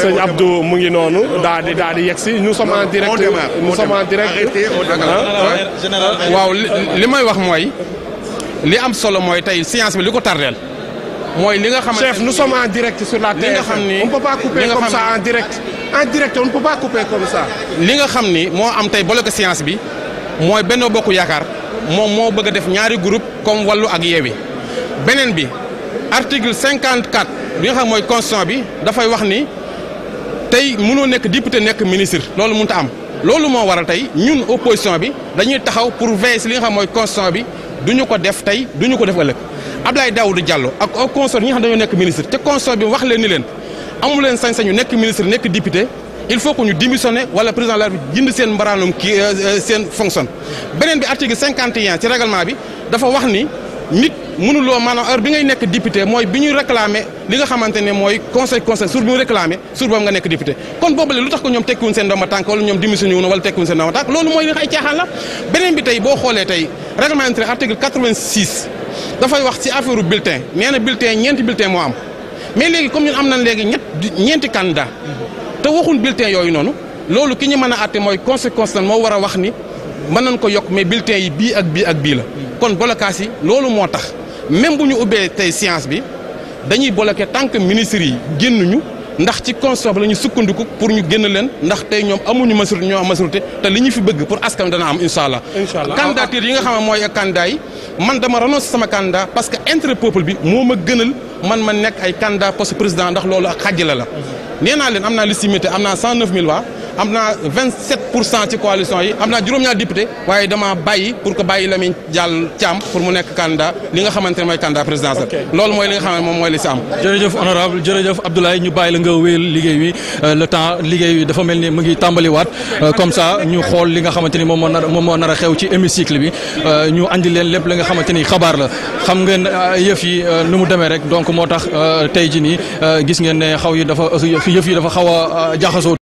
sëñ Abdou mu ngi noonu daal di daal di yegg si nous en direct nous sommes ah, ah. waaw li may wax mooy li am solo mooy tey séance bi li ko tardeel mooy li nga xamante chef nous sommes en direct sur la TFM. li nga xam ni ne peut pas couper comme ça en direct. en direct on li nga xam ni moo am tey bloqué séance bi mooy benn Bokk Yaakaar moom moo bëgg a def ñaari groupe comme Wallu ak Yewwi beneen bi article 54 bi nga xam mooy constitution bi dafay wax ni. tey mënoo nekk député nekk ministre loolu mun a am loolu moo waral tey ñun opposition bi dañuy taxaw pour veiller si li nga xam mooy constitution bi du ñu ko def tey duñu ko def ëllëg Abdoulaye Daouda Diallo ak au conseil ñi nga xam dañoo nekk ministre te conseil bi wax leen ni leen amu leen sañ-sañu nekk ministre nekk député il faut que ñu démissionné wala président la jënd seen mbaraanum kii euh, euh, seen fonction beneen bi article 51 ci règlement bi dafa wax ni. nit mënuloo maanaam heure bi ngay nekk député mooy bi ñu réclamé li nga xamante ne mooy conseil conseil sur bi mu réclamé sur boobu nga nekk député kon boobale lu tax ko ñoom tekkiwuñ seen ndomba tànk wala ñoom démissionné wuñu wala tekkiwuñ seen ndomba tànk loolu mooy ay caaxaan la beneen bi tey boo xoolee tey règlement intérieur article 86 dafay wax ci affaire bulletin nee na bulletin ñeenti bulletin moo am mais léegi comme am nañ léegi ñett ñeenti candidat te waxul bulletin yooyu noonu loolu ki ñu mën a àtte mooy conseil constitutionnel moo war a wax ni mën nañ ko yokk mais bulletin yi bii ak bii ak bii la kon bolokaas yi loolu moo tax même bu ñu ubbee tey science bi dañuy boloke tant que ministres yi génnuñu ndax ci constat la ñu sukkandiku pour ñu génn leen ndax tey ñoom amuñu majorité ñoo am majorité te li ñu fi bëgg pour askan dana am incha allah. incha allah candidature yi nga xam ne mooy candidat yi man dama renonce sama candidat parce que intérêt peuple bi moo ma gënal man ma nekk ay candidat poste président ndax loolu ak xàjjale la. Mhm. nee naa leen am naa liste am naa 109000 am naa 27 pour cent ci coalition yi am na juróom-ñaar député waaye dama bàyyi pour que bàyyi Lamine Diallo Thiam pour mu nekk candidat li nga xamante ne mooy candidat présidentiel. loolu mooy li nga xam moom mooy li si am. jërëjëf honorable jërëjëf Abdoulaye ñu bàyyi la nga wéyal liggéey wi euh, le temps liggéey wi dafa mel ni mu ngi tàmbaliwaat euh, comme ça ñu xool li nga xamante ni moom moo nar moom moo nar a xew ci hémicycle bi euh, ñu andi leen lépp li nga xamante ni xabaar la xam nga yëf yi mu demee rek donc moo tax tey jii nii gis ngeen ne xaw yi dafa yëf yi dafa xaw a jaxasoo